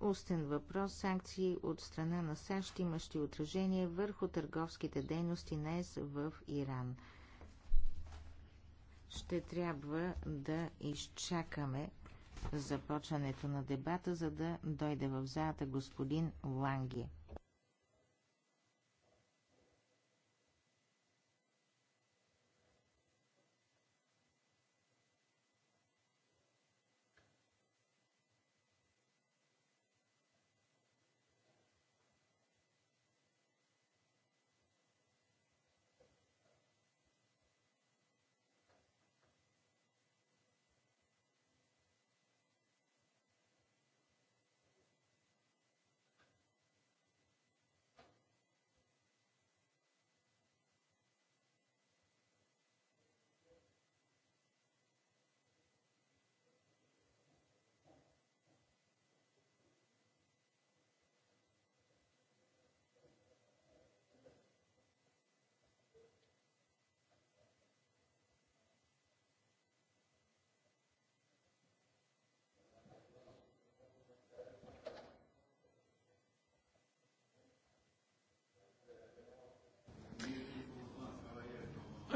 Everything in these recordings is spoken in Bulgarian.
Устен въпрос санкции от страна на САЩ, имащи отражение върху търговските дейности на ЕС в Иран. Ще трябва да изчакаме започването на дебата, за да дойде в залата господин Ланги.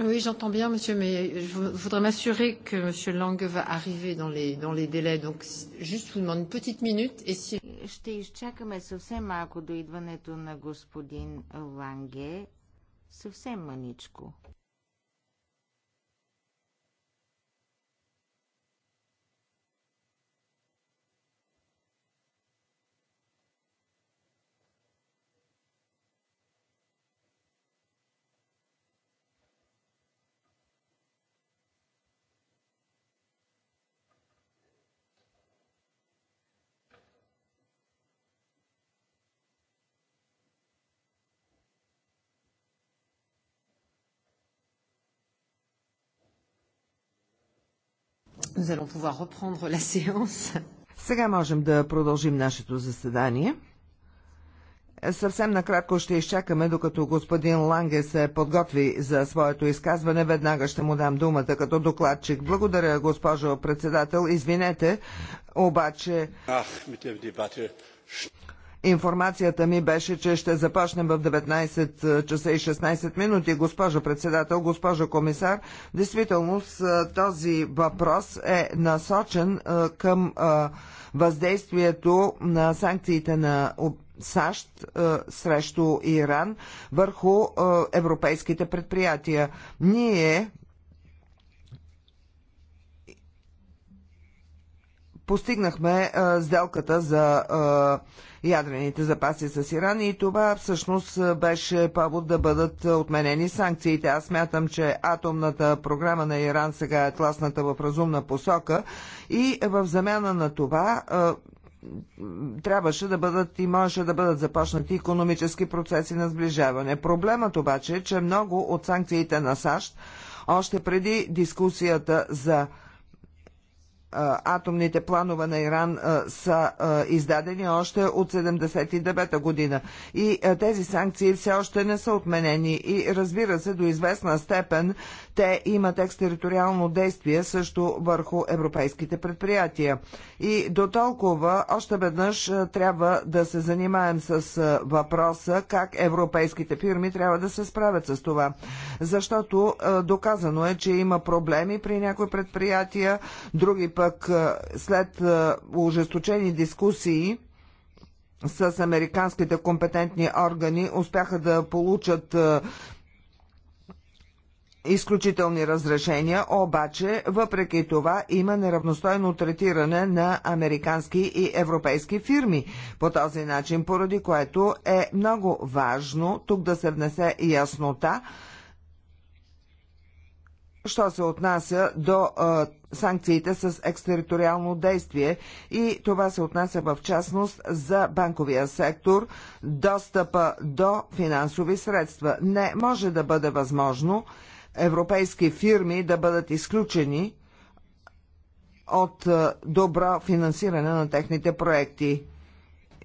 Oui, j'entends bien, monsieur, mais je voudrais m'assurer que monsieur Lang va arriver dans les, dans les délais. Donc, juste vous demande une petite minute et si... Ще изчакаме съвсем малко до идването на господин Ланге. Съвсем маничко. nous allons pouvoir reprendre la séance. Сега можем да продължим нашето заседание. Съвсем накратко ще изчакаме, докато господин Ланге се подготви за своето изказване. Веднага ще му дам думата като докладчик. Благодаря, госпожо председател. Извинете, обаче... Ах, Информацията ми беше, че ще започнем в 19 часа и 16 минути. Госпожо председател, госпожо комисар, действително този въпрос е насочен към въздействието на санкциите на САЩ срещу Иран върху европейските предприятия. Ние постигнахме а, сделката за а, ядрените запаси с Иран и това всъщност беше повод да бъдат отменени санкциите. Аз смятам, че атомната програма на Иран сега е тласната в разумна посока и в замяна на това а, трябваше да бъдат и можеше да бъдат започнати економически процеси на сближаване. Проблемът обаче е, че много от санкциите на САЩ още преди дискусията за атомните планове на Иран са издадени още от 79-та година. И тези санкции все още не са отменени. И разбира се, до известна степен те имат екстериториално действие също върху европейските предприятия. И до толкова още веднъж е, трябва да се занимаем с е, въпроса как европейските фирми трябва да се справят с това. Защото е, доказано е, че има проблеми при някои предприятия, други пък след ужесточени дискусии с американските компетентни органи успяха да получат изключителни разрешения, обаче въпреки това има неравностойно третиране на американски и европейски фирми по този начин, поради което е много важно тук да се внесе яснота, що се отнася до а, санкциите с екстериториално действие и това се отнася в частност за банковия сектор, достъпа до финансови средства. Не може да бъде възможно европейски фирми да бъдат изключени от е, добро финансиране на техните проекти.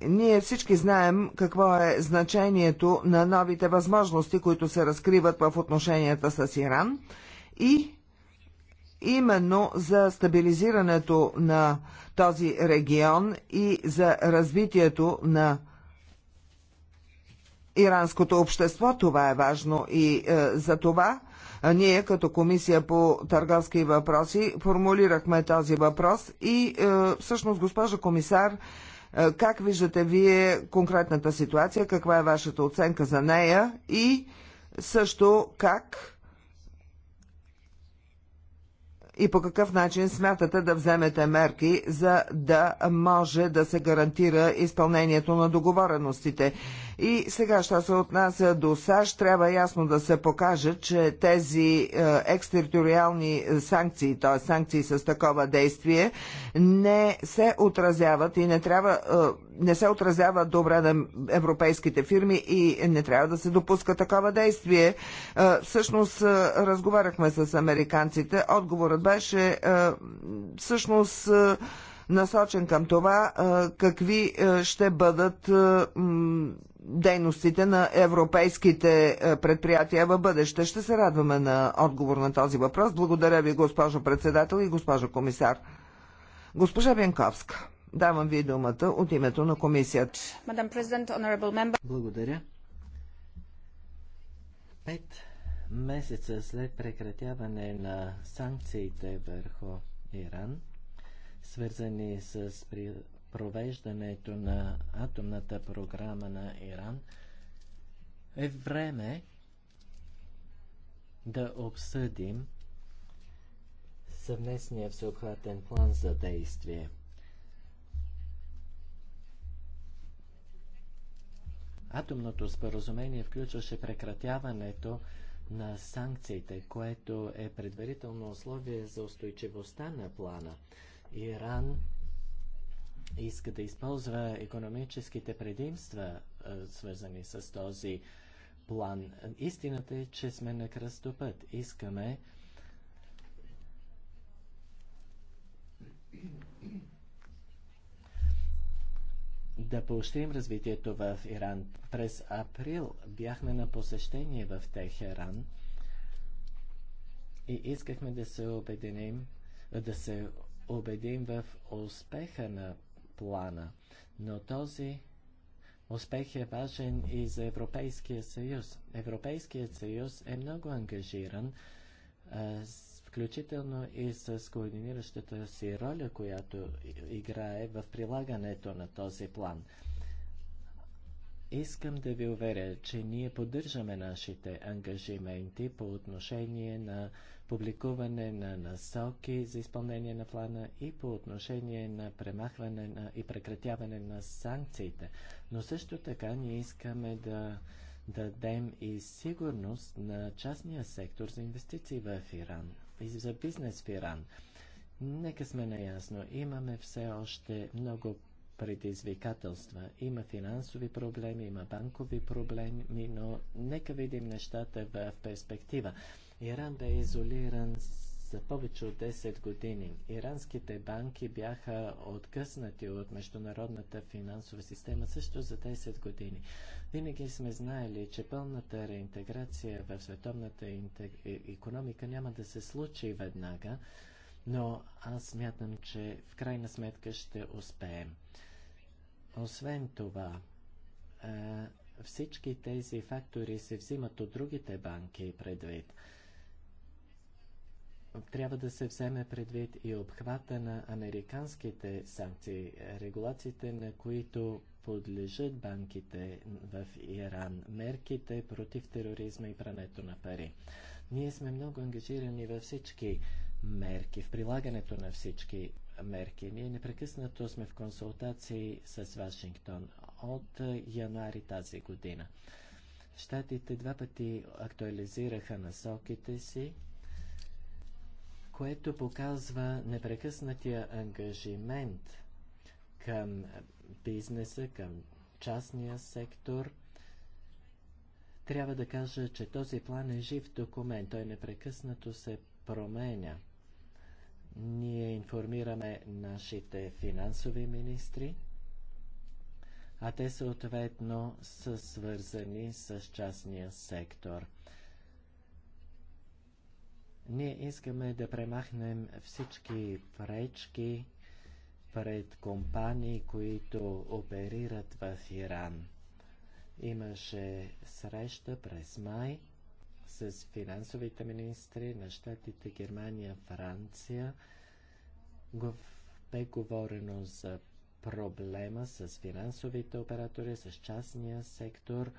Ние всички знаем какво е значението на новите възможности, които се разкриват в отношенията с Иран и именно за стабилизирането на този регион и за развитието на иранското общество. Това е важно и е, за това ние като комисия по търговски въпроси формулирахме този въпрос и е, всъщност, госпожа комисар, е, как виждате вие конкретната ситуация, каква е вашата оценка за нея и също как и по какъв начин смятате да вземете мерки, за да може да се гарантира изпълнението на договореностите. И сега, що се отнася до САЩ, трябва ясно да се покаже, че тези е, екстериториални санкции, т.е. санкции с такова действие, не се отразяват и не трябва е, не се отразява добре на европейските фирми и не трябва да се допуска такова действие. Е, всъщност, разговаряхме с американците. Отговорът беше всъщност насочен към това какви ще бъдат дейностите на европейските е, предприятия в бъдеще. Ще се радваме на отговор на този въпрос. Благодаря ви, госпожо председател и госпожо комисар. Госпожа Бенковска, давам ви думата от името на комисията. Благодаря. Пет месеца след прекратяване на санкциите върху Иран, свързани с провеждането на атомната програма на Иран, е време да обсъдим съвместния всеобхватен план за действие. Атомното споразумение включваше прекратяването на санкциите, което е предварително условие за устойчивостта на плана. Иран иска да използва економическите предимства, е, свързани с този план. Истината е, че сме на кръстопът. Искаме да поощрим развитието в Иран. През април бяхме на посещение в Техеран и искахме да се обединим, да се убедим в успеха на плана. Но този успех е важен и за Европейския съюз. Европейският съюз е много ангажиран, включително и с координиращата си роля, която играе в прилагането на този план. Искам да ви уверя, че ние поддържаме нашите ангажименти по отношение на публикуване на насоки за изпълнение на плана и по отношение на премахване на и прекратяване на санкциите. Но също така ние искаме да дадем и сигурност на частния сектор за инвестиции в Иран и за бизнес в Иран. Нека сме наясно, имаме все още много предизвикателства. Има финансови проблеми, има банкови проблеми, но нека видим нещата в перспектива. Иран бе изолиран за повече от 10 години. Иранските банки бяха откъснати от международната финансова система също за 10 години. Винаги сме знаели, че пълната реинтеграция в световната интег... Е, економика няма да се случи веднага, но аз смятам, че в крайна сметка ще успеем. Освен това, всички тези фактори се взимат от другите банки предвид. Трябва да се вземе предвид и обхвата на американските санкции, регулациите на които подлежат банките в Иран, мерките против тероризма и прането на пари. Ние сме много ангажирани във всички мерки, в прилагането на всички мерки. Ние непрекъснато сме в консултации с Вашингтон от януари тази година. Штатите два пъти актуализираха насоките си, което показва непрекъснатия ангажимент към бизнеса, към частния сектор. Трябва да кажа, че този план е жив документ. Той непрекъснато се променя. Ние информираме нашите финансови министри, а те съответно са свързани с частния сектор. Ние искаме да премахнем всички пречки пред компании, които оперират в Иран. Имаше среща през май – с финансовите министри на щатите Германия, Франция. Бе говорено за проблема с финансовите оператори, с частния сектор.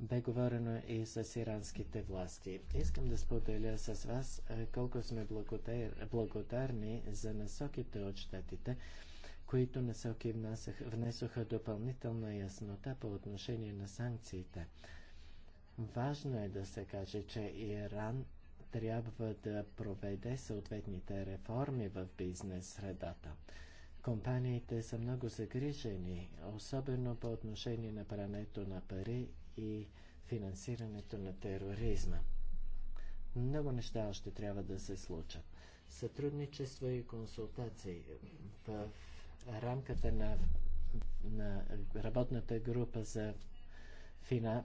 Бе говорено и с иранските власти. Искам да споделя с вас е, колко сме благодар... благодарни за насоките от щатите, които насоки внесоха допълнителна яснота по отношение на санкциите. Важно е да се каже, че Иран трябва да проведе съответните реформи в бизнес средата. Компаниите са много загрижени, особено по отношение на прането на пари и финансирането на тероризма. Много неща още трябва да се случат. Сътрудничество и консултации в рамката на, на работната група за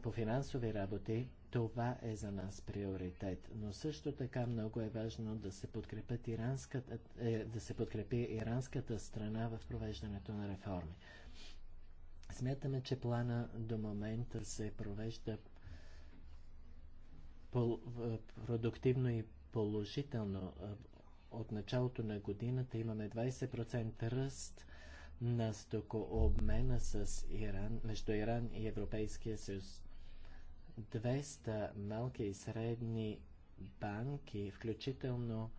по финансови работи, това е за нас приоритет. Но също така много е важно да се, подкрепят иранската, е, да се подкрепи иранската страна в провеждането на реформи. Смятаме, че плана до момента се провежда пол, е, продуктивно и положително. Е, от началото на годината имаме 20% ръст на стокообмена с Иран, между Иран и Европейския съюз. 200 малки и средни банки, включително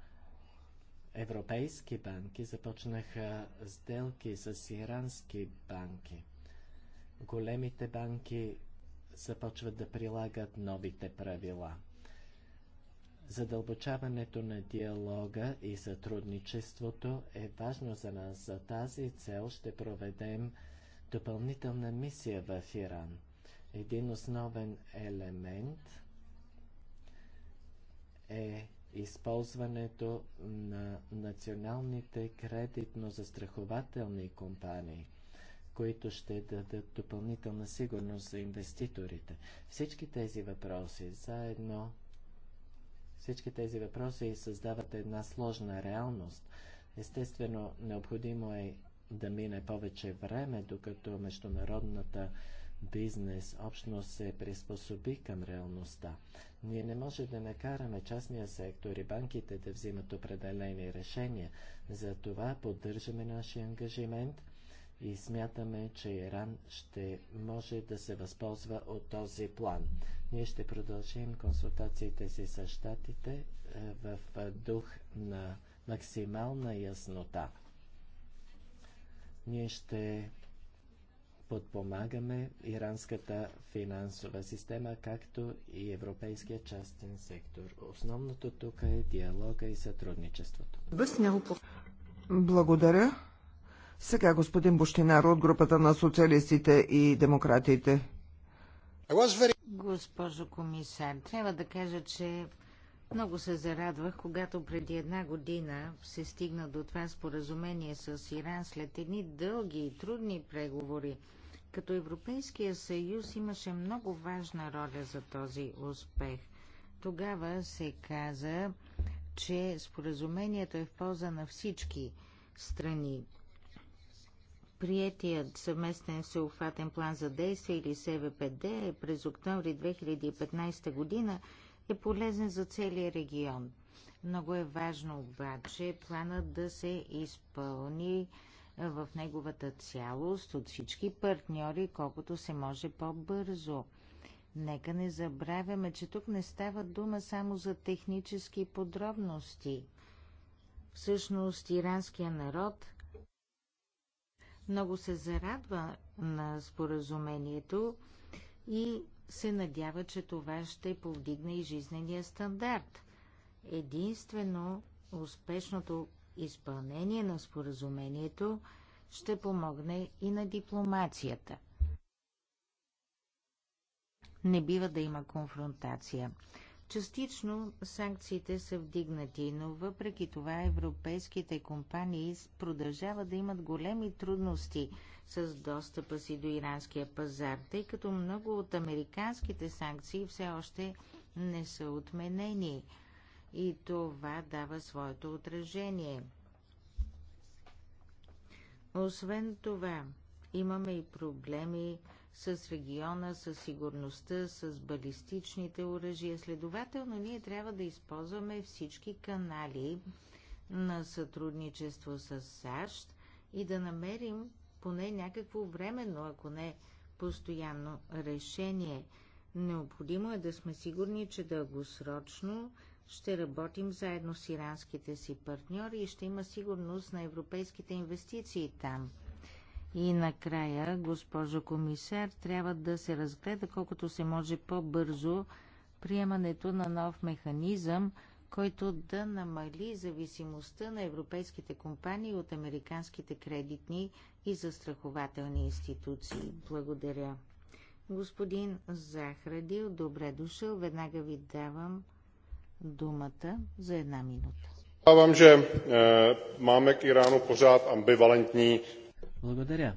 европейски банки, започнаха сделки с ирански банки. Големите банки започват да прилагат новите правила. Задълбочаването на диалога и сътрудничеството е важно за нас. За тази цел ще проведем допълнителна мисия в Иран. Един основен елемент е използването на националните кредитно-застрахователни компании, които ще дадат допълнителна сигурност за инвеститорите. Всички тези въпроси заедно всички тези въпроси създават една сложна реалност. Естествено, необходимо е да мине повече време, докато международната бизнес общност се приспособи към реалността. Ние не може да накараме частния сектор и банките да взимат определени решения. Затова поддържаме нашия ангажимент и смятаме, че Иран ще може да се възползва от този план. Ние ще продължим консултациите си с щатите е, в е, дух на максимална яснота. Ние ще подпомагаме иранската финансова система, както и европейския частен сектор. Основното тук е диалога и сътрудничеството. Благодаря. Сега господин Бощинаро от групата на социалистите и демократите. Госпожо комисар, трябва да кажа, че много се зарадвах, когато преди една година се стигна до това споразумение с Иран след едни дълги и трудни преговори. Като Европейския съюз имаше много важна роля за този успех. Тогава се каза, че споразумението е в полза на всички страни. Приетият съвместен всеобхватен план за действие или СВПД е през октомври 2015 година е полезен за целия регион. Много е важно обаче планът да се изпълни в неговата цялост от всички партньори, колкото се може по-бързо. Нека не забравяме, че тук не става дума само за технически подробности. Всъщност, иранския народ много се зарадва на споразумението и се надява, че това ще повдигне и жизнения стандарт. Единствено успешното изпълнение на споразумението ще помогне и на дипломацията. Не бива да има конфронтация. Частично санкциите са вдигнати, но въпреки това европейските компании продължават да имат големи трудности с достъпа си до иранския пазар, тъй като много от американските санкции все още не са отменени. И това дава своето отражение. Освен това, имаме и проблеми с региона, с сигурността, с балистичните оръжия. Следователно, ние трябва да използваме всички канали на сътрудничество с САЩ и да намерим поне някакво временно, ако не постоянно решение. Необходимо е да сме сигурни, че дългосрочно ще работим заедно с иранските си партньори и ще има сигурност на европейските инвестиции там – и накрая, госпожо комисар, трябва да се разгледа колкото се може по-бързо приемането на нов механизъм, който да намали зависимостта на европейските компании от американските кредитни и застрахователни институции. Благодаря. Господин Захрадил, добре дошъл. Веднага ви давам думата за една минута. Вам, že máme k Iránu pořád ambivalentní благодаря.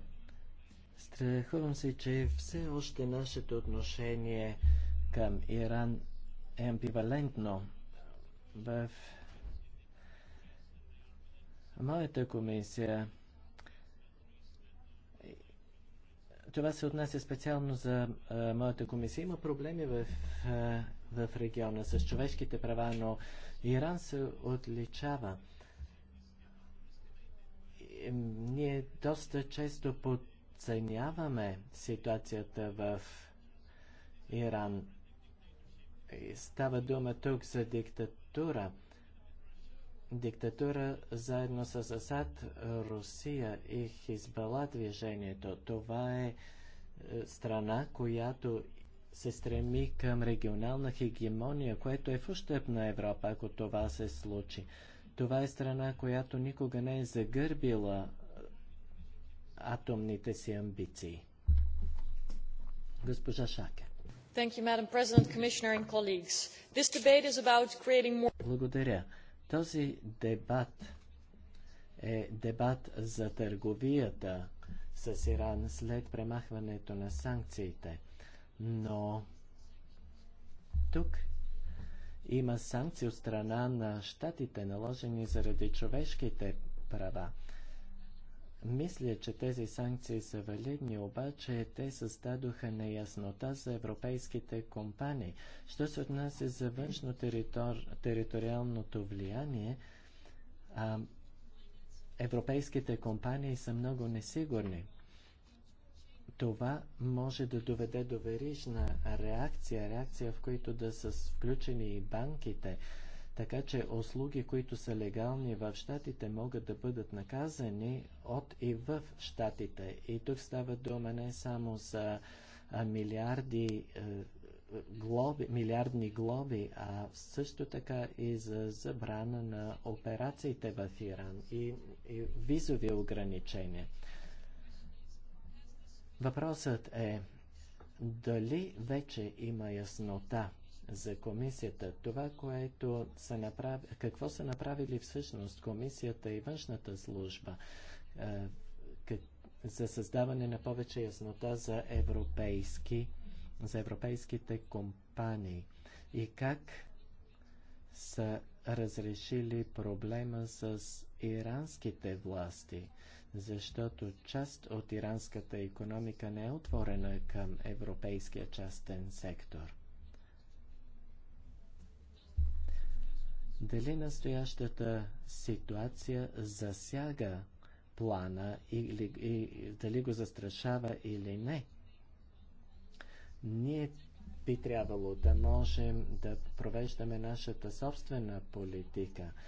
Страхувам се, че все още нашето отношение към Иран е амбивалентно. В моята комисия това се отнася специално за а, моята комисия. Има проблеми в, а, в региона с човешките права, но Иран се отличава ние доста често подценяваме ситуацията в Иран. Става дума тук за диктатура. Диктатура заедно с Асад, Русия и Хизбала движението. Това е, е страна, която се стреми към регионална хегемония, което е в ущърп на Европа, ако това се случи. Това е страна, която никога не е загърбила атомните си амбиции. Госпожа Шаке. More... Благодаря. Този дебат е дебат за търговията с Иран след премахването на санкциите. Но тук има санкции от страна на щатите, наложени заради човешките права. Мисля, че тези санкции са валидни, обаче те създадоха неяснота за европейските компании. Що се отнася за външно териториалното влияние, а, европейските компании са много несигурни това може да доведе до верижна реакция, реакция в които да са включени и банките. Така че услуги, които са легални в щатите, могат да бъдат наказани от и в щатите. И тук става дума не само за милиарди е, глоби, милиардни глоби, а също така и за забрана на операциите в Иран и, и визови ограничения. Въпросът е дали вече има яснота за комисията. Това, което са направи, какво са направили всъщност комисията и външната служба е, за създаване на повече яснота за, европейски, за европейските компании и как са разрешили проблема с иранските власти защото част от иранската економика не е отворена към европейския частен сектор. Дали настоящата ситуация засяга плана или и, дали го застрашава или не? Ние би трябвало да можем да провеждаме нашата собствена политика –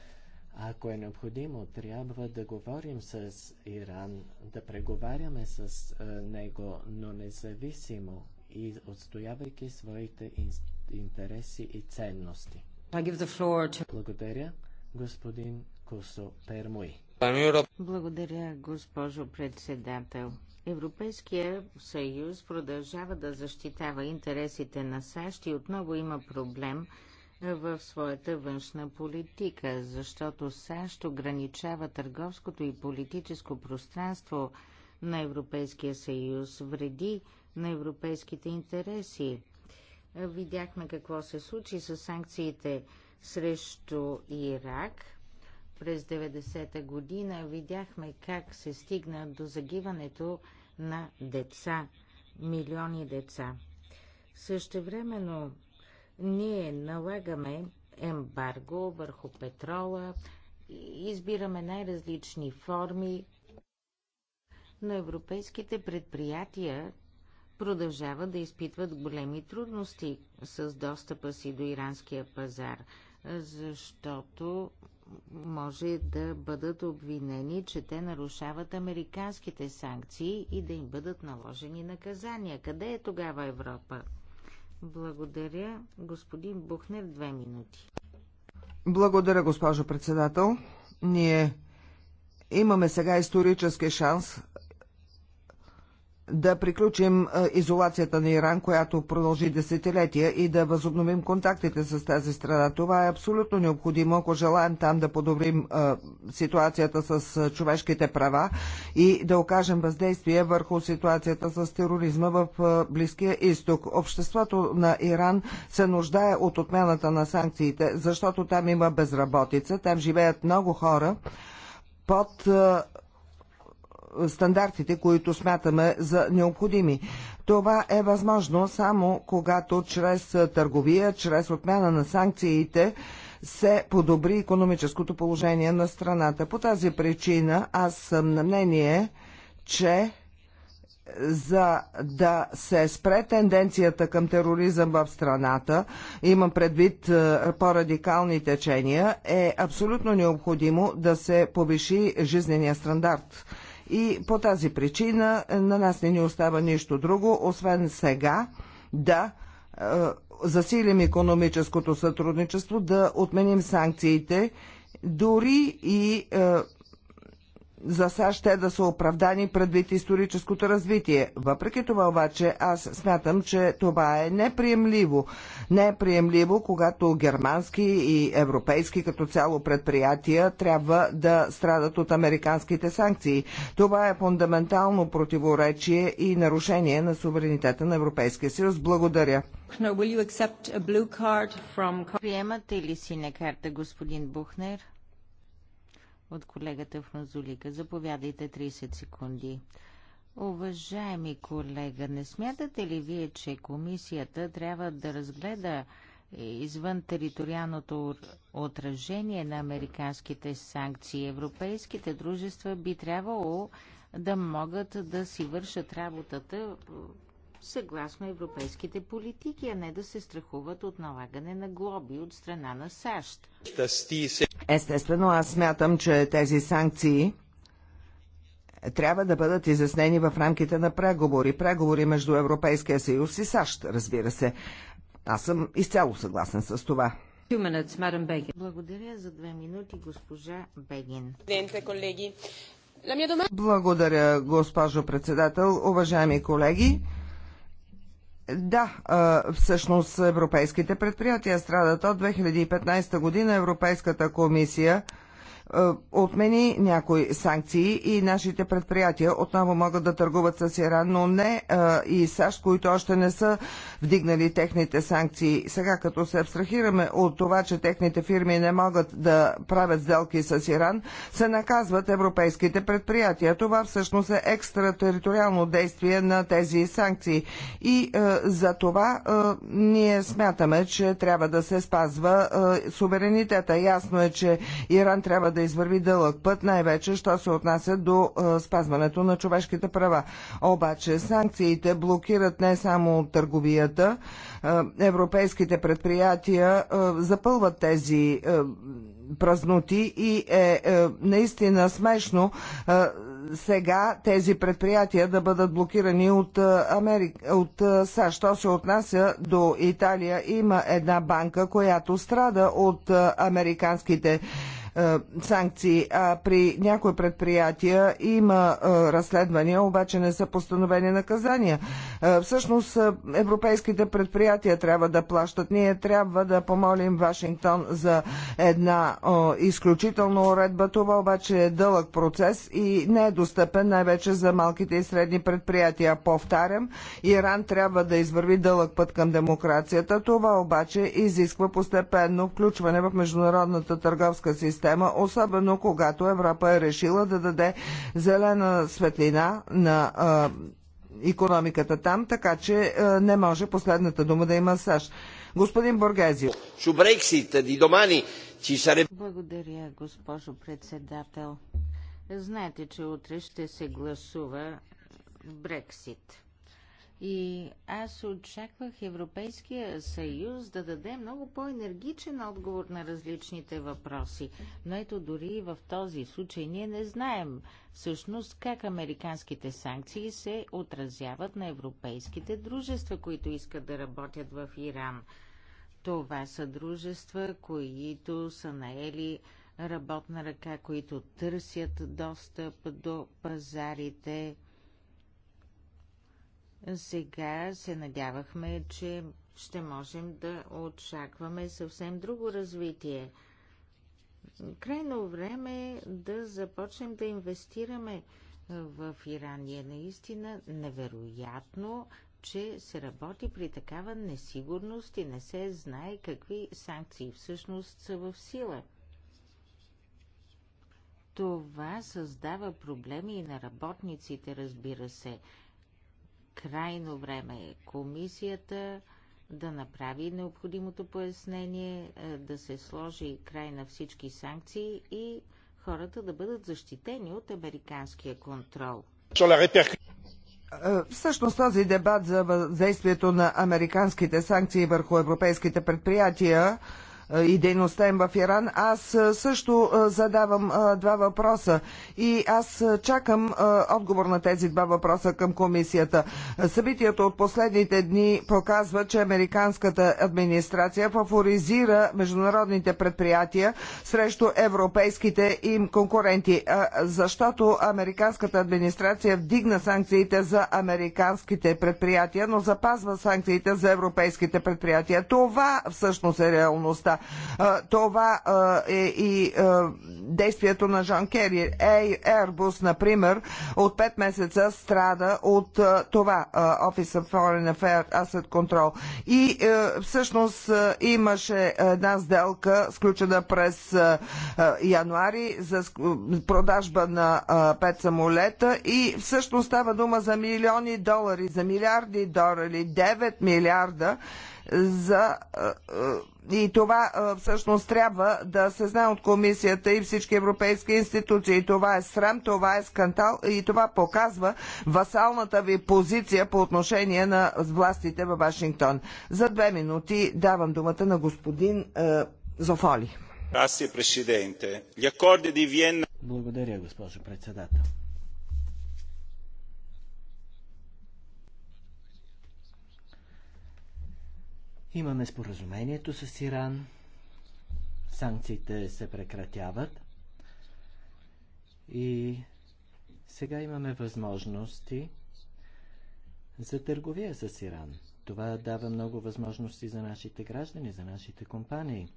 ако е необходимо, трябва да говорим с Иран, да преговаряме с е, него, но независимо и отстоявайки своите интереси и ценности. Благодаря, господин Кусо Пермуи. Благодаря, госпожо председател. Европейския съюз продължава да защитава интересите на САЩ и отново има проблем – в своята външна политика, защото САЩ ограничава търговското и политическо пространство на Европейския съюз, вреди на европейските интереси. Видяхме какво се случи с санкциите срещу Ирак през 90-та година. Видяхме как се стигна до загиването на деца, милиони деца. Също времено. Ние налагаме ембарго върху петрола, избираме най-различни форми, но европейските предприятия продължават да изпитват големи трудности с достъпа си до иранския пазар, защото може да бъдат обвинени, че те нарушават американските санкции и да им бъдат наложени наказания. Къде е тогава Европа? Благодаря. Господин Бухнер, две минути. Благодаря, госпожо председател. Ние имаме сега исторически шанс да приключим е, изолацията на Иран, която продължи десетилетия и да възобновим контактите с тази страна. Това е абсолютно необходимо, ако желаем там да подобрим е, ситуацията с е, човешките права и да окажем въздействие върху ситуацията с тероризма в Близкия изток. Обществото на Иран се нуждае от отмяната на санкциите, защото там има безработица, там живеят много хора под стандартите, които смятаме за необходими. Това е възможно само когато чрез търговия, чрез отмяна на санкциите се подобри економическото положение на страната. По тази причина аз съм на мнение, че за да се спре тенденцията към тероризъм в страната, имам предвид е, по-радикални течения, е абсолютно необходимо да се повиши жизнения стандарт. И по тази причина е, на нас не ни остава нищо друго, освен сега да е, засилим економическото сътрудничество, да отменим санкциите, дори и е, за САЩ те да са оправдани предвид историческото развитие. Въпреки това обаче аз смятам, че това е неприемливо. Не е приемливо, когато германски и европейски като цяло предприятия трябва да страдат от американските санкции. Това е фундаментално противоречие и нарушение на суверенитета на Европейския съюз. Благодаря. Приемате ли си на карта, господин Бухнер? от колегата Франзулика. Заповядайте 30 секунди. Уважаеми колега, не смятате ли вие, че комисията трябва да разгледа извън териториалното отражение на американските санкции? Европейските дружества би трябвало да могат да си вършат работата съгласно европейските политики, а не да се страхуват от налагане на глоби от страна на САЩ. Естествено, аз смятам, че тези санкции трябва да бъдат изяснени в рамките на преговори. Преговори между Европейския съюз и САЩ, разбира се. Аз съм изцяло съгласен с това. Благодаря за две минути, госпожа Бегин. Благодаря, госпожо председател. Уважаеми колеги, да, всъщност европейските предприятия страдат от 2015 година Европейската комисия е, отмени някои санкции и нашите предприятия отново могат да търгуват с Иран, но не е, и САЩ, които още не са вдигнали техните санкции. Сега, като се абстрахираме от това, че техните фирми не могат да правят сделки с Иран, се наказват европейските предприятия. Това всъщност е екстратериториално действие на тези санкции. И е, за това ние смятаме, че трябва да се спазва суверенитета. Ясно е, че Иран трябва да да извърви дълъг път, най-вече, що се отнася до спазването на човешките права. Обаче санкциите блокират не само търговията, европейските предприятия запълват тези празноти и е, е наистина смешно е, сега тези предприятия да бъдат блокирани от, Америк... от САЩ. Що се отнася до Италия, има една банка, която страда от американските е, санкции. А при някои предприятия има е, разследвания, обаче не са постановени наказания. Е, всъщност европейските предприятия трябва да плащат. Ние трябва да помолим Вашингтон за една изключителна уредба. Това обаче е дълъг процес и не е достъпен най-вече за малките и средни предприятия. Повтарям, Иран трябва да извърви дълъг път към демокрацията. Това обаче изисква постепенно включване в международната търговска система система, особено когато Европа е решила да даде зелена светлина на а, економиката там, така че а, не може последната дума да има САЩ. Господин Боргезио. Благодаря, госпожо председател. Знаете, че утре ще се гласува Брексит. И аз очаквах Европейския съюз да даде много по-енергичен отговор на различните въпроси. Но ето дори в този случай ние не знаем всъщност как американските санкции се отразяват на европейските дружества, които искат да работят в Иран. Това са дружества, които са наели работна ръка, които търсят достъп до пазарите – сега се надявахме, че ще можем да очакваме съвсем друго развитие. Крайно време е да започнем да инвестираме в Иран и е наистина невероятно, че се работи при такава несигурност и не се знае какви санкции всъщност са в сила. Това създава проблеми и на работниците, разбира се крайно време е комисията да направи необходимото пояснение, е, да се сложи край на всички санкции и хората да бъдат защитени от американския контрол. Е, всъщност този дебат за въздействието на американските санкции върху европейските предприятия е, и дейността им в Иран, аз е, също е, задавам два въпроса и аз чакам отговор на тези два въпроса към комисията. Събитието от последните дни показва, че американската администрация фаворизира международните предприятия срещу европейските им конкуренти, защото американската администрация вдигна санкциите за американските предприятия, но запазва санкциите за европейските предприятия. Това всъщност е реалността. Това е и действието на Жан Кери. Airbus, например, от 5 месеца страда от това Office of Foreign Affairs Asset Control. И всъщност имаше една сделка, сключена през януари за продажба на 5 самолета и всъщност става дума за милиони долари, за милиарди долари, 9 милиарда за и това всъщност трябва да се знае от комисията и всички европейски институции. Това е срам, това е скандал и това показва васалната ви позиция по отношение на властите във Вашингтон. За две минути давам думата на господин е, Зофоли. Благодаря, госпожо председател. Имаме споразумението с Иран. Санкциите се прекратяват. И сега имаме възможности за търговия с Иран. Това дава много възможности за нашите граждани, за нашите компании.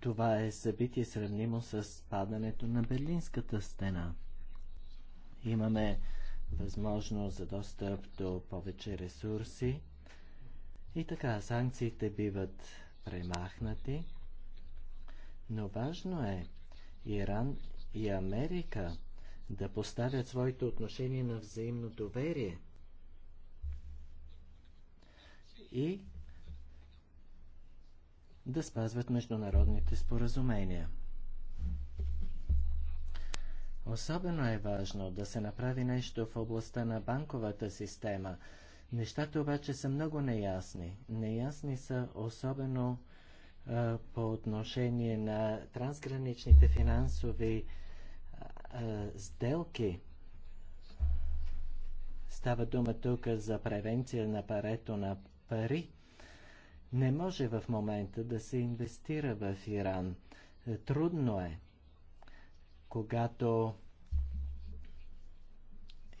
Това е събитие сравнимо с падането на Берлинската стена. Имаме възможност за достъп до повече ресурси. И така, санкциите биват премахнати. Но важно е Иран и Америка да поставят своите отношения на взаимно доверие и да спазват международните споразумения. Особено е важно да се направи нещо в областта на банковата система. Нещата обаче са много неясни. Неясни са особено е, по отношение на трансграничните финансови е, сделки. Става дума тук за превенция на парето на пари. Не може в момента да се инвестира в Иран. Трудно е когато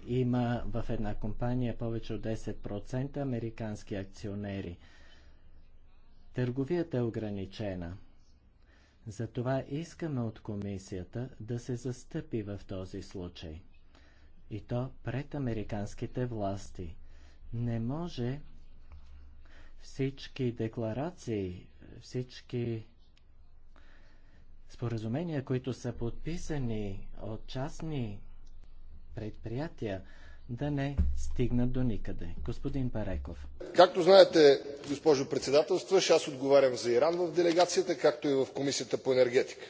има в една компания повече от 10% американски акционери. Търговията е ограничена. Затова искаме от комисията да се застъпи в този случай. И то пред американските власти. Не може всички декларации, всички споразумения, които са подписани от частни предприятия, да не стигнат до никъде. Господин Пареков. Както знаете, госпожо председателство, аз отговарям за Иран в делегацията, както и в Комисията по енергетика.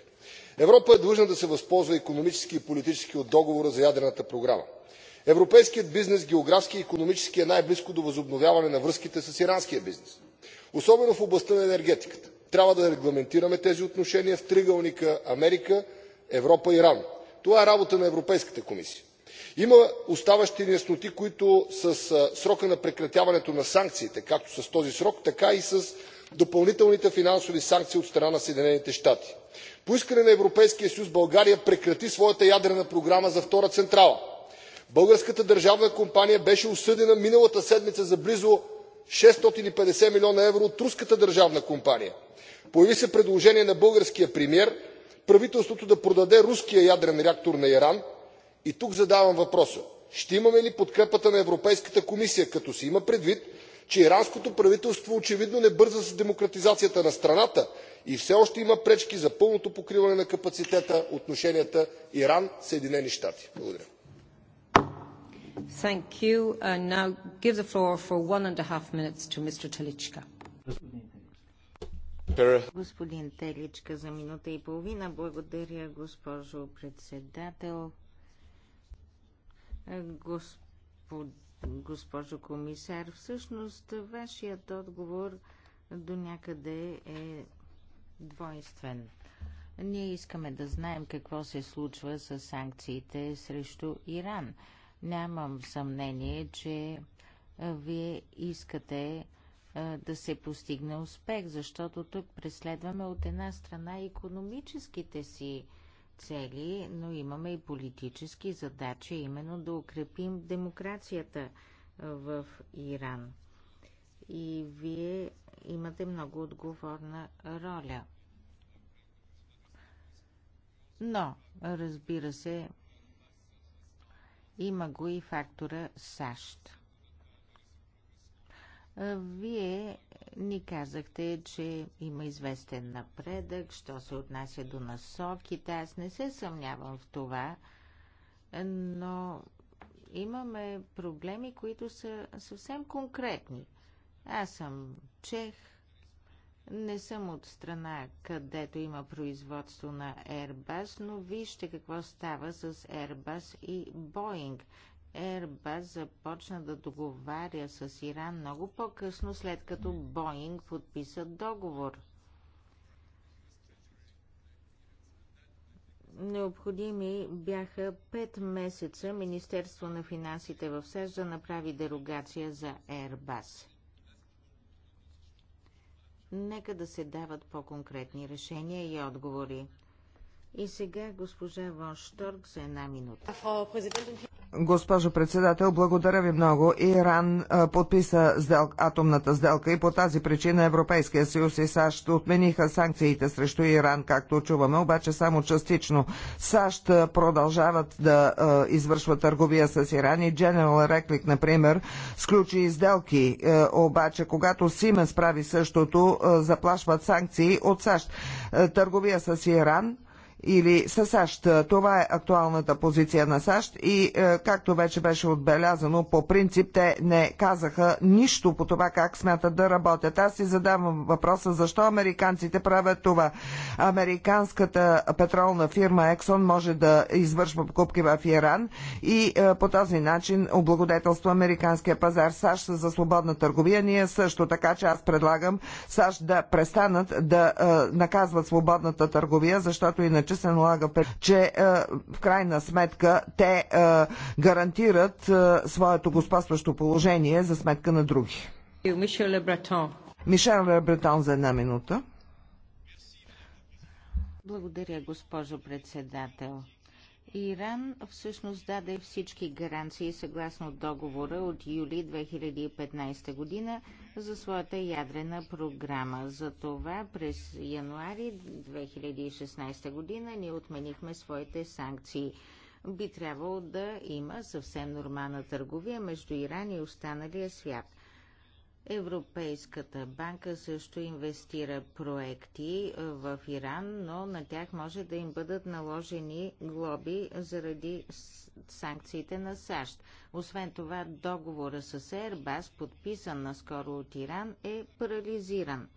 Европа е длъжна да се възползва економически и политически от договора за ядрената програма. Европейският бизнес географски и економически е най-близко до възобновяване на връзките с иранския бизнес, особено в областта на енергетиката трябва да регламентираме тези отношения в триъгълника америка европа иран. това е работа на европейската комисия. има оставащи неясноти които със срока на прекратяването на санкциите както с този срок така и с допълнителните финансови санкции от страна на съединените щати. по искане на европейския съюз българя прекрати своята ядрена програма за втора централа. българската държавна компания беше осъдена миналата седмица за близо шестстотин и петдесет милиона евро от руската държавна компания. появи се предложение на българския премиер правителството да продаде руския ядрен реактор на иран и тук задавам въпроса ще имаме ли подкрепата на европейската комисия като се има предвид че иранското правителство очевидно не бърза с демократизацията на страната и все още има пречки за пълното покриване на капацитета отношенията иран съединени щати? благодаря. Господин Теличка за минута и половина. Благодаря, госпожо председател. Госпожо комисар, всъщност вашият отговор до някъде е двойствен. Ние искаме да знаем какво се случва с санкциите срещу Иран. Нямам съмнение, че вие искате да се постигне успех, защото тук преследваме от една страна економическите си цели, но имаме и политически задачи, именно да укрепим демокрацията в Иран. И вие имате много отговорна роля. Но, разбира се, има го и фактора САЩ. Вие ни казахте, че има известен напредък, що се отнася до насоките. Аз не се съмнявам в това, но имаме проблеми, които са съвсем конкретни. Аз съм чех, не съм от страна, където има производство на Airbus, но вижте какво става с Airbus и Boeing. Airbus започна да договаря с Иран много по-късно, след като Boeing подписа договор. Необходими бяха 5 месеца Министерство на финансите в САЩ да направи дерогация за Airbus – Нека да се дават по-конкретни решения и отговори. И сега госпожа Вон Шторг за една минута. Госпожо председател, благодаря ви много. Иран а, подписа сдел... атомната сделка и по тази причина Европейския съюз и САЩ отмениха санкциите срещу Иран, както чуваме, обаче само частично. САЩ продължават да а, извършват търговия с Иран и General Electric, например, сключи изделки, а, обаче когато Сименс прави същото, заплашват санкции от САЩ. търговия с Иран – или със САЩ. Това е актуалната позиция на САЩ и, е, както вече беше отбелязано, по принцип те не казаха нищо по това как смятат да работят. Аз си задавам въпроса защо американците правят това. Американската петролна фирма Ексон може да извършва покупки в Иран и е, по този начин облагодетелства американския пазар. САЩ за свободна търговия ние също, така че аз предлагам САЩ да престанат да е, наказват свободната търговия, защото иначе че се налага, че е, в крайна сметка те е, гарантират е, своето господстващо положение за сметка на други. Мишел Лебретон. Мишел Лебретон за една минута. Благодаря, госпожо председател. Иран всъщност даде всички гаранции съгласно договора от юли 2015 година за своята ядрена програма. За това през януари 2016 година ние отменихме своите санкции. Би трябвало да има съвсем нормална търговия между Иран и останалия свят. Европейската банка също инвестира проекти е, в Иран, но на тях може да им бъдат наложени глоби заради санкциите на САЩ. Освен това, договора с Airbus, подписан наскоро от Иран, е парализиран.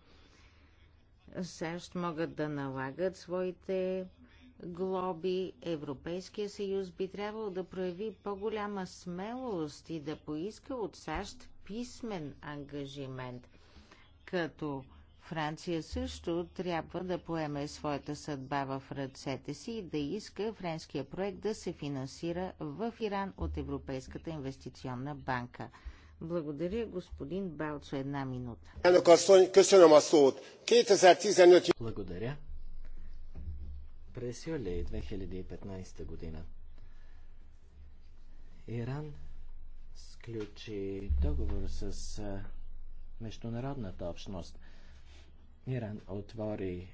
САЩ могат да налагат своите глоби, Европейския съюз би трябвало да прояви по-голяма смелост и да поиска от САЩ писмен ангажимент, като Франция също трябва да поеме своята съдба в ръцете си и да иска френския проект да се финансира в Иран от Европейската инвестиционна банка. Благодаря, господин Балцо. Една минута. Благодаря. През юли 2015 година Иран сключи договор с международната общност. Иран отвори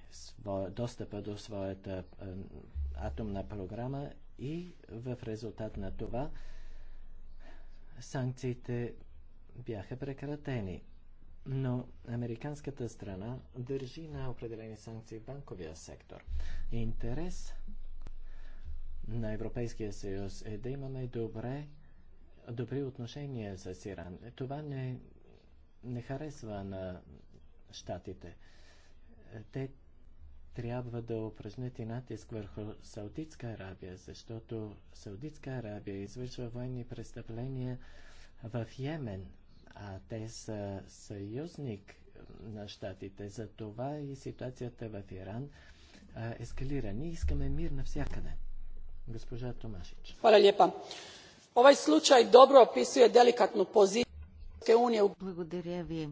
достъпа до своята атомна програма и в резултат на това санкциите бяха прекратени. Но американската страна държи на определени санкции в банковия сектор. Интерес на Европейския съюз е да имаме добре добри отношения с Иран. Това не, не харесва на щатите. Те трябва да упражнят и натиск върху Саудитска Арабия, защото Саудитска Арабия извършва военни престъпления в Йемен, а те са съюзник на щатите. Затова и ситуацията в Иран ескалира. Ние искаме мир навсякъде. Госпожа Томашич. Хвала лепа ovaj slučaj dobro opisuje delikatnu poziciju europske уния. Благодаря ви.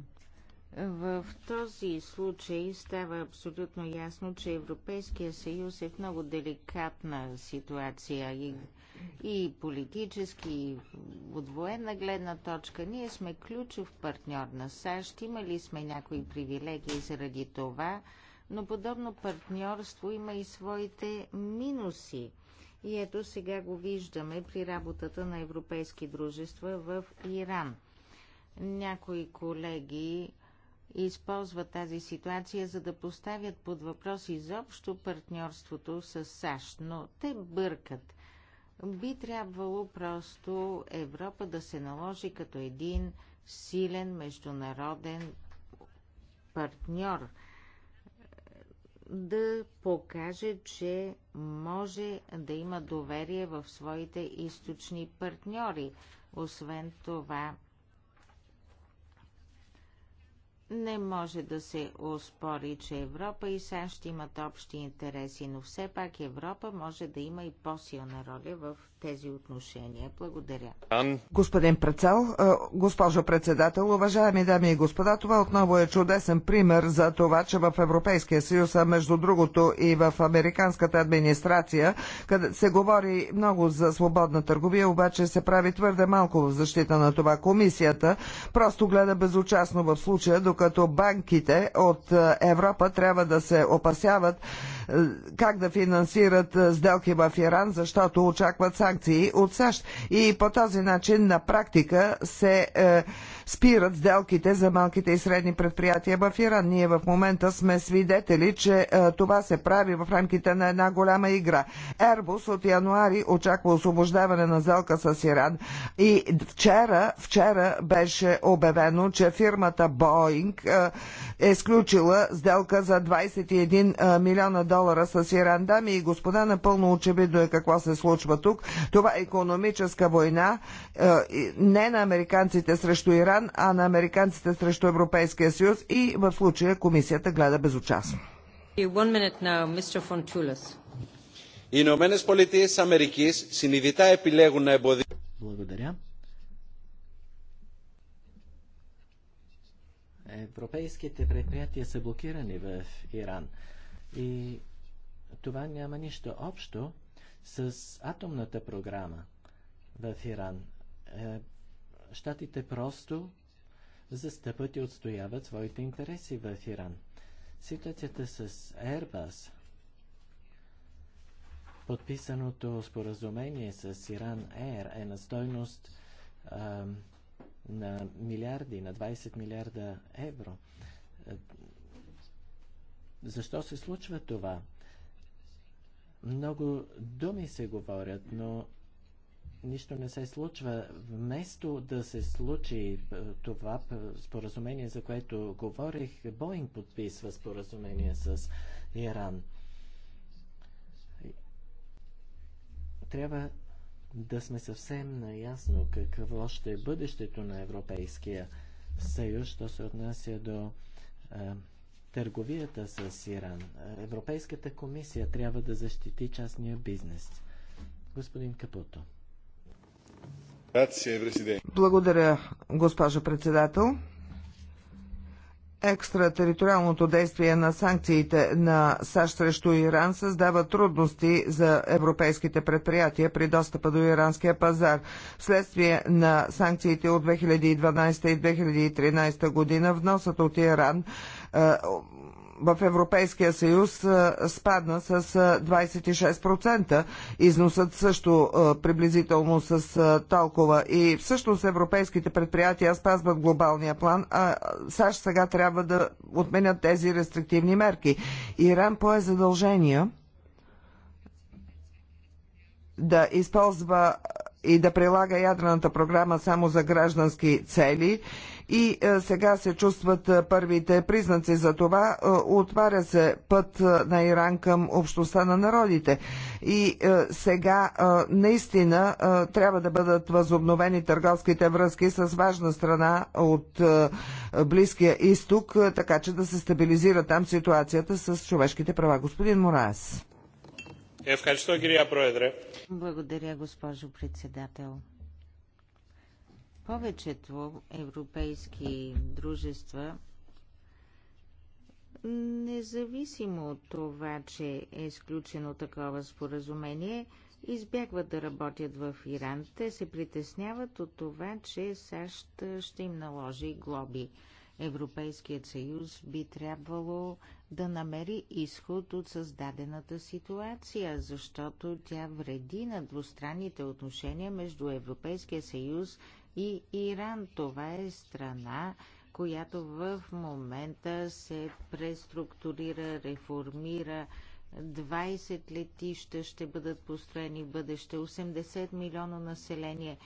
В този случай става абсолютно ясно, че Европейския съюз е в много деликатна ситуация и, и политически, и от военна гледна точка. Ние сме ключов партньор на САЩ, имали сме някои привилегии заради това, но подобно партньорство има и своите минуси – и ето сега го виждаме при работата на европейски дружества в Иран. Някои колеги използват тази ситуация, за да поставят под въпрос изобщо партньорството с САЩ, но те бъркат. Би трябвало просто Европа да се наложи като един силен международен партньор – да покаже, че може да има доверие в своите източни партньори. Освен това, не може да се оспори, че Европа и САЩ имат общи интереси, но все пак Европа може да има и по-силна роля в тези отношения. Благодаря. Господин Прецел, госпожо председател, уважаеми дами и господа, това отново е чудесен пример за това, че в Европейския съюз, а между другото и в американската администрация, къде се говори много за свободна търговия, обаче се прави твърде малко в защита на това. Комисията просто гледа безучастно в случая, докато банките от Европа трябва да се опасяват как да финансират сделки в Иран, защото очакват санкции от САЩ. И по този начин на практика се е, спират сделките за малките и средни предприятия в Иран. Ние в момента сме свидетели, че е, това се прави в рамките на една голяма игра. Ербус от януари очаква освобождаване на сделка с Иран и вчера, вчера беше обявено, че фирмата Боинг е, е сключила сделка за 21 е, милиона долара с Иран. Дами и господа, напълно очевидно е какво се случва тук. Това е економическа война не на американците срещу Иран, Иран, а на американците срещу Европейския съюз и в случая комисията гледа безучастно. Οι Ηνωμένε Πολιτείε Αμερική συνειδητά επιλέγουν να εμποδίσουν. Благодаря. Европейските предприятия са блокирани в Иран. И това няма нищо общо с атомната програма в Иран. Е, щатите просто застъпват и отстояват своите интереси в Иран. Ситуацията с Airbus, подписаното споразумение с Иран Air е на стойност а, на милиарди, на 20 милиарда евро. Е, защо се случва това? Много думи се говорят, но нищо не се случва. Вместо да се случи е, това споразумение, за което говорих, Боинг подписва споразумение с Иран. Трябва да сме съвсем наясно какво ще е бъдещето на Европейския съюз, що се отнася до а, е, търговията с Иран. Европейската комисия трябва да защити частния бизнес. Господин Капуто. Благодаря, госпожо председател. Екстратериториалното действие на санкциите на САЩ срещу Иран създава трудности за европейските предприятия при достъпа до иранския пазар. Вследствие на санкциите от 2012 и 2013 година вносът от Иран е, в Европейския съюз спадна с 26%. Износът също приблизително с толкова. И всъщност европейските предприятия спазват глобалния план, а САЩ сега трябва да отменят тези рестриктивни мерки. Иран пое задължения да използва и да прилага ядрената програма само за граждански цели и е, сега се чувстват е, първите признаци за това. Е, отваря се път на Иран към общността на народите. И сега наистина трябва да бъдат възобновени търговските връзки с важна страна от Близкия изток, така че да се стабилизира там ситуацията с човешките права. Господин Мораес. Благодаря, госпожо председател. Повечето европейски дружества, независимо от това, че е изключено такова споразумение, избягват да работят в Иран. Те се притесняват от това, че САЩ ще им наложи глоби. Европейският съюз би трябвало да намери изход от създадената ситуация, защото тя вреди на двустранните отношения между Европейския съюз и Иран. Това е страна, която в момента се преструктурира, реформира. 20 летища ще бъдат построени в бъдеще, 80 милиона население.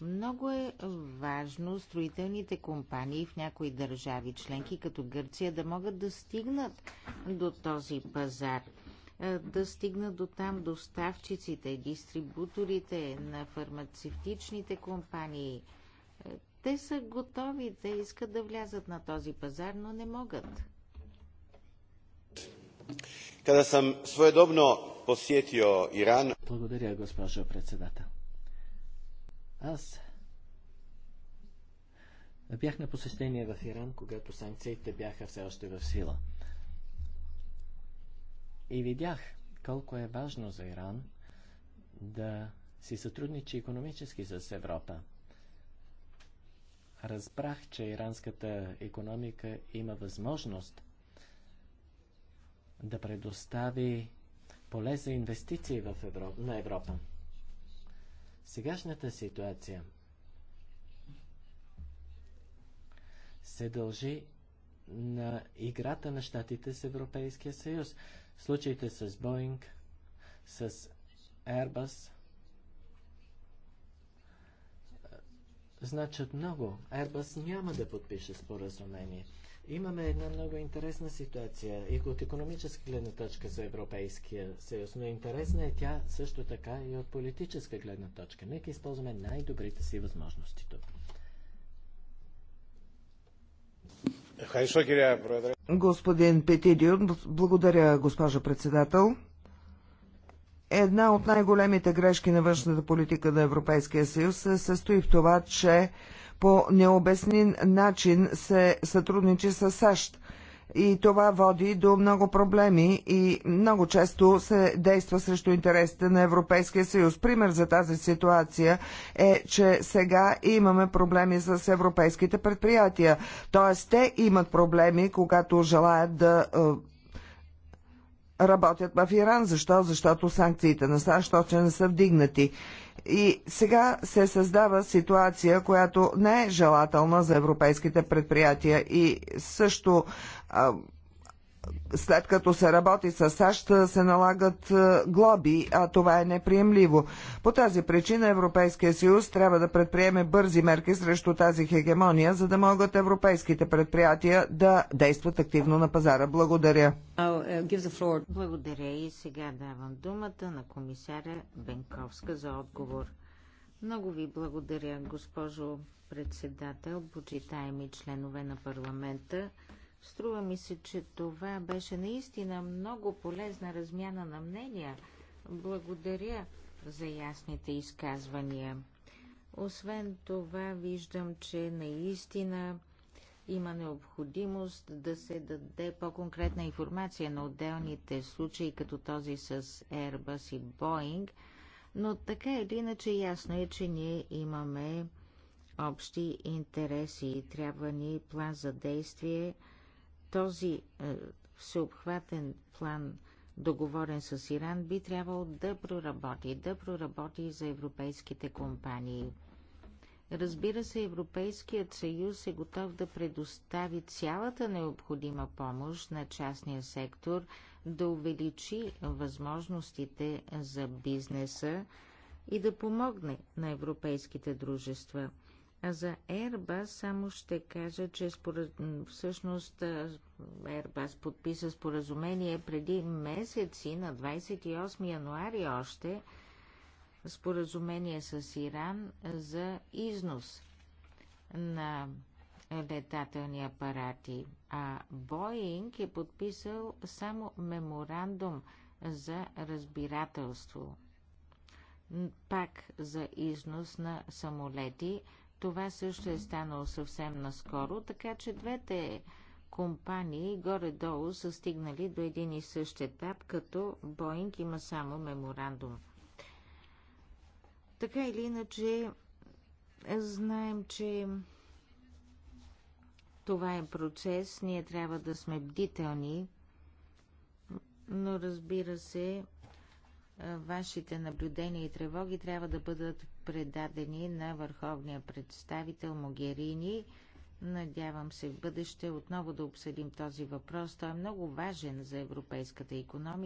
Много е важно строителните компании в някои държави членки, като Гърция, да могат да стигнат до този пазар, е, да стигнат до там доставчиците, дистрибуторите на фармацевтичните компании – те са готови, те искат да влязат на този пазар, но не могат. Када съм своедобно посетил Иран... Благодаря, госпожо председател. Аз бях на посещение в Иран, когато санкциите бяха все още в сила. И видях колко е важно за Иран да си сътрудничи економически с Европа разбрах, че иранската економика има възможност да предостави поле за инвестиции в Европа, на Европа. Сегашната ситуация се дължи на играта на щатите с Европейския съюз. Случаите с Боинг, с Airbus – значат много. Airbus няма да подпише споразумение. Имаме една много интересна ситуация и от економическа гледна точка за Европейския съюз, но интересна е тя също така и от политическа гледна точка. Нека използваме най-добрите си възможности тук. Господин Петидион, благодаря, госпожо председател. Една от най-големите грешки на външната политика на Европейския съюз се състои в това, че по необяснен начин се сътрудничи с САЩ. И това води до много проблеми и много често се действа срещу интересите на Европейския съюз. Пример за тази ситуация е, че сега имаме проблеми с европейските предприятия. Тоест, те имат проблеми, когато желаят да е, работят в Иран. Защо? Защото санкциите на САЩ още не са вдигнати. И сега се създава ситуация, която не е желателна за европейските предприятия и също след като се работи с САЩ, се налагат е, глоби, а това е неприемливо. По тази причина Европейския съюз трябва да предприеме бързи мерки срещу тази хегемония, за да могат европейските предприятия да действат активно на пазара. Благодаря. Uh, благодаря и сега давам думата на комисаря Бенковска за отговор. Много ви благодаря, госпожо председател, почитаеми членове на парламента. Струва ми се, че това беше наистина много полезна размяна на мнения. Благодаря за ясните изказвания. Освен това, виждам, че наистина има необходимост да се даде по-конкретна информация на отделните случаи, като този с Airbus и Boeing, но така или иначе ясно е, че ние имаме общи интереси и трябва ни план за действие – този е, всеобхватен план, договорен с Иран, би трябвало да проработи, да проработи за европейските компании. Разбира се, Европейският съюз е готов да предостави цялата необходима помощ на частния сектор, да увеличи възможностите за бизнеса и да помогне на европейските дружества. За Airbus само ще кажа, че според... всъщност Airbus подписа споразумение преди месеци, на 28 януари още, споразумение с Иран за износ на летателни апарати, а Боинг е подписал само меморандум за разбирателство. Пак за износ на самолети – това също е станало съвсем наскоро, така че двете компании горе-долу са стигнали до един и същ етап, като Боинг има само меморандум. Така или иначе, знаем, че това е процес, ние трябва да сме бдителни, но разбира се, Вашите наблюдения и тревоги трябва да бъдат предадени на върховния представител Могерини. Надявам се в бъдеще отново да обсъдим този въпрос. Той е много важен за европейската економика.